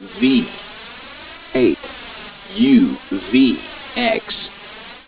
V 8 U V X